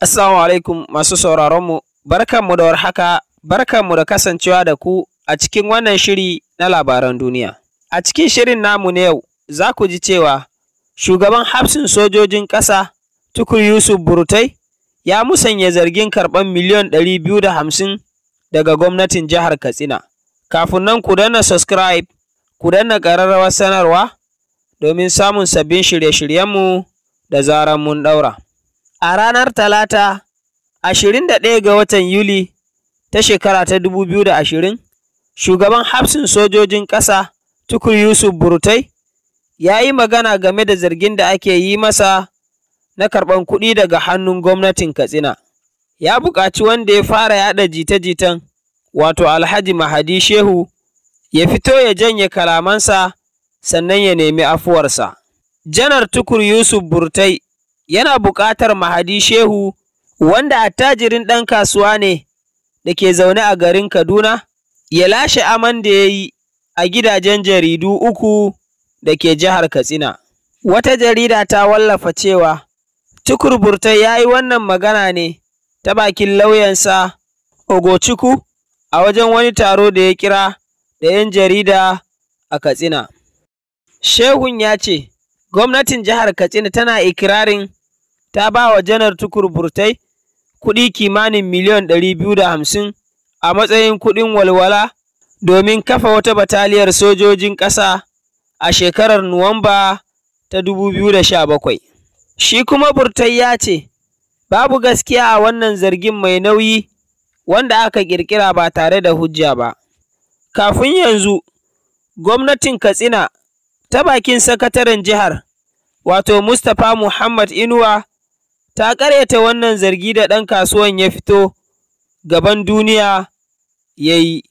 Assalamu alaikum masu sauraronmu, barkanmu da warhaka, barkanmu da kasancewa da ku a cikin wannan shiri na labaran duniya. A cikin shirin namu na yau, za ku ji cewa shugaban hafsin sojojin ƙasa Tukur Yusuf Burtai ya musanya zargin karɓar miliyon ɗari biyu da hamsin daga gwamnatin jihar Katsina. Kafin nan ku danna subscribe, ku danna ƙararrawar sanarwa domin samun sabbin shirye-shiryenmu da zarar mun ɗaura. a ranar Talata, 21 ga watan Yuli ta shekara ta 2020, shugaban hafsin sojojin ƙasa Tukur Yusuf Burtai ya yi magana game da zargin da ake yi masa na karɓar kuɗi daga hannun gwamnatin Katsina. Ya buƙaci wanda ya fara yaɗa jita-jitan, wato Alhaji Mahadi Shehu, ya fito ya janye kalamansa sannan ya nemi afuwarsa. Janar Tukur Yusuf Burtai yana buƙatar Mahadi Shehu, wanda attajirin ɗan kasuwa ne da ke zaune a garin Kaduna, ya lashe aman da ya yi a gidajen jaridu uku da ke jihar Katsina. Wata jarida ta wallafa cewa, tukurburta ya yi wannan magana ne ta bakin lauyansa Ogochukwu a wajen wani taro da ya kira da 'yan jarida a Katsina. Shehun ya ce, Gwamnatin jihar Katsina tana ikirarin ta ba wa Janar Tukur Burtai kuɗi kimanin miliyan ɗari biyu da hamsin a matsayin kuɗin walwala domin kafa wata bataliyar sojojin ƙasa a shekarar Nuwamba ta 2017. Shi kuma Burtai ya ce, Babu gaskiya a wannan zargin mai nauyi wanda aka ƙirƙira ba tare da hujja ba. Kafin yanzu, gwamnatin Katsina ta bakin sakataren jihar, wato Mustapha Muhammad Inuwa ta ƙaryata wannan zargi da ɗan kasuwan ya fito gaban duniya ya yi.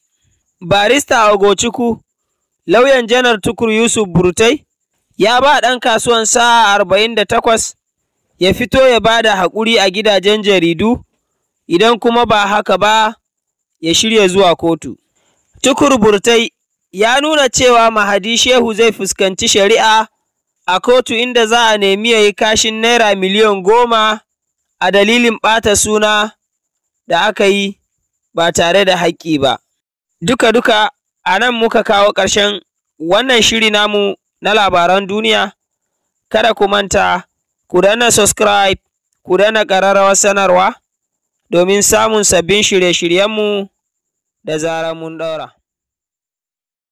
Barista Ogochukwu, lauyan janar Tukur Yusuf Burtai, ya ba ɗan kasuwan sa'a arba'in da takwas ya fito ya ba da haƙuri a gidajen jaridu, idan kuma ba haka ba ya shirya zuwa kotu. Tukur Burtai ya nuna cewa Mahadi Shehu zai fuskanci shari'a a kotu inda za a nemi ya yi kashin Naira miliyan goma a dalilin ɓata suna da aka yi ba tare da haƙƙi ba. Duka-duka a nan muka kawo ƙarshen wannan shiri namu na labaran duniya. Kada ku manta, ku danna subscribe, ku danna ƙararrawar sanarwa domin samun sabbin shirye-shiryenmu da zarar mun ɗaura.